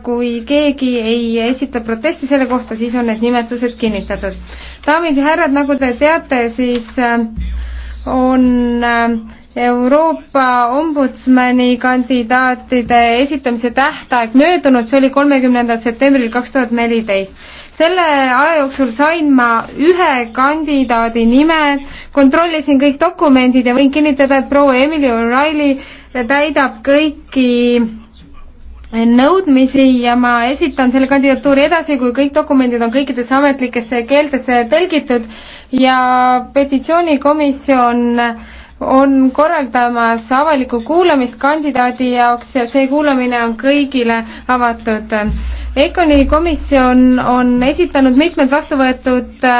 kui keegi ei esita protesti selle kohta, siis on need nimetused kinnitatud. daamid ja härrad, nagu te teate, siis äh, on äh, Euroopa ombudsmani kandidaatide esitamise tähtaeg möödunud, see oli kolmekümnendal septembril kaks tuhat neliteist. selle aja jooksul sain ma ühe kandidaadi nime, kontrollisin kõik dokumendid ja võin kinnitada, et proua Emily O'Reilly täidab kõiki nõudmisi ja ma esitan selle kandidatuuri edasi, kui kõik dokumendid on kõikidesse ametlikesse keeltesse tõlgitud ja petitsioonikomisjon on korraldamas avalikku kuulamist kandidaadi jaoks ja see kuulamine on kõigile avatud. EKONi komisjon on esitanud mitmed vastuvõetud